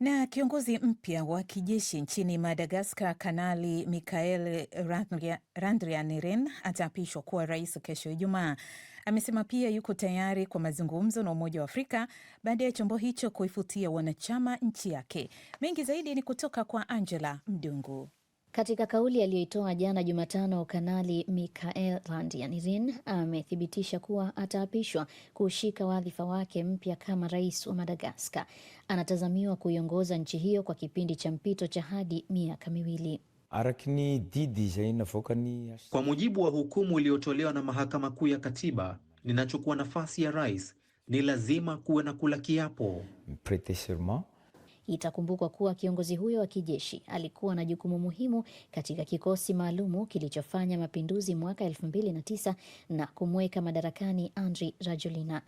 Na kiongozi mpya wa kijeshi nchini Madagascar, Kanali Michael Randrianirina ataapishwa kuwa rais kesho Ijumaa. Amesema pia yuko tayari kwa mazungumzo na Umoja wa Afrika baada ya chombo hicho kuifutia wanachama nchi yake. Mengi zaidi ni kutoka kwa Angela Mdungu. Katika kauli aliyoitoa jana Jumatano, Kanali Mikael Randrianirina amethibitisha kuwa ataapishwa kushika wadhifa wake mpya kama rais wa Madagaskar. Anatazamiwa kuiongoza nchi hiyo kwa kipindi cha mpito cha hadi miaka miwili. Kwa mujibu wa hukumu iliyotolewa na Mahakama Kuu ya Katiba, ninachukua nafasi ya rais, ni lazima kuwe na kula kiapo Itakumbukwa kuwa kiongozi huyo wa kijeshi alikuwa na jukumu muhimu katika kikosi maalumu kilichofanya mapinduzi mwaka 2009 na kumweka madarakani Andry Rajoelina.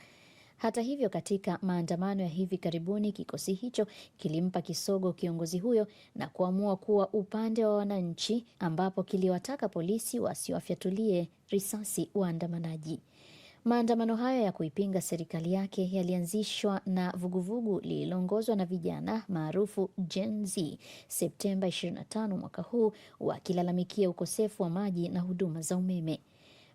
Hata hivyo, katika maandamano ya hivi karibuni, kikosi hicho kilimpa kisogo kiongozi huyo na kuamua kuwa upande wa wananchi, ambapo kiliwataka polisi wasiwafyatulie risasi waandamanaji. Maandamano hayo ya kuipinga serikali yake yalianzishwa na vuguvugu lililoongozwa na vijana maarufu Gen Z Septemba 25 mwaka huu, wakilalamikia ukosefu wa maji na huduma za umeme.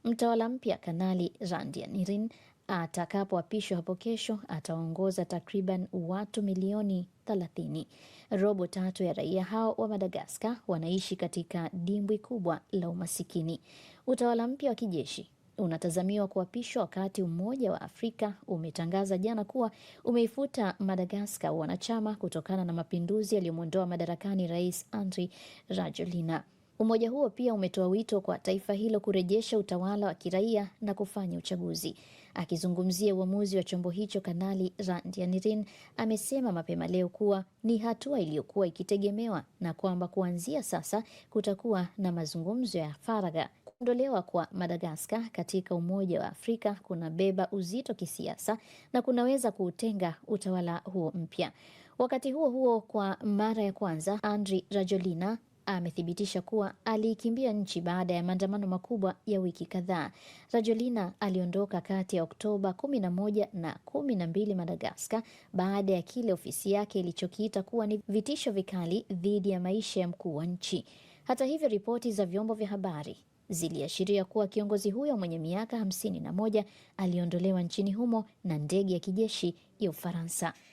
Mtawala mpya Kanali Randrianirina atakapoapishwa hapo kesho ataongoza takriban watu milioni 30. Robo tatu ya raia hao wa Madagaskar wanaishi katika dimbwi kubwa la umasikini. Utawala mpya wa kijeshi unatazamiwa kuapishwa wakati Umoja wa Afrika umetangaza jana kuwa umeifuta Madagaskar wanachama kutokana na mapinduzi yaliyomwondoa madarakani Rais Andry Rajoelina. Umoja huo pia umetoa wito kwa taifa hilo kurejesha utawala wa kiraia na kufanya uchaguzi. Akizungumzia uamuzi wa chombo hicho, Kanali Randrianirina amesema mapema leo kuwa ni hatua iliyokuwa ikitegemewa na kwamba kuanzia sasa kutakuwa na mazungumzo ya faragha Kuondolewa kwa Madagaskar katika Umoja wa Afrika kunabeba uzito kisiasa na kunaweza kuutenga utawala huo mpya. Wakati huo huo, kwa mara ya kwanza andri rajolina amethibitisha kuwa aliikimbia nchi baada ya maandamano makubwa ya wiki kadhaa. rajolina aliondoka kati ya Oktoba 11 na 12 Madagaskar baada ya kile ofisi yake ilichokiita kuwa ni vitisho vikali dhidi ya maisha ya mkuu wa nchi. Hata hivyo, ripoti za vyombo vya habari ziliashiria kuwa kiongozi huyo mwenye miaka hamsini na moja aliondolewa nchini humo na ndege ya kijeshi ya Ufaransa.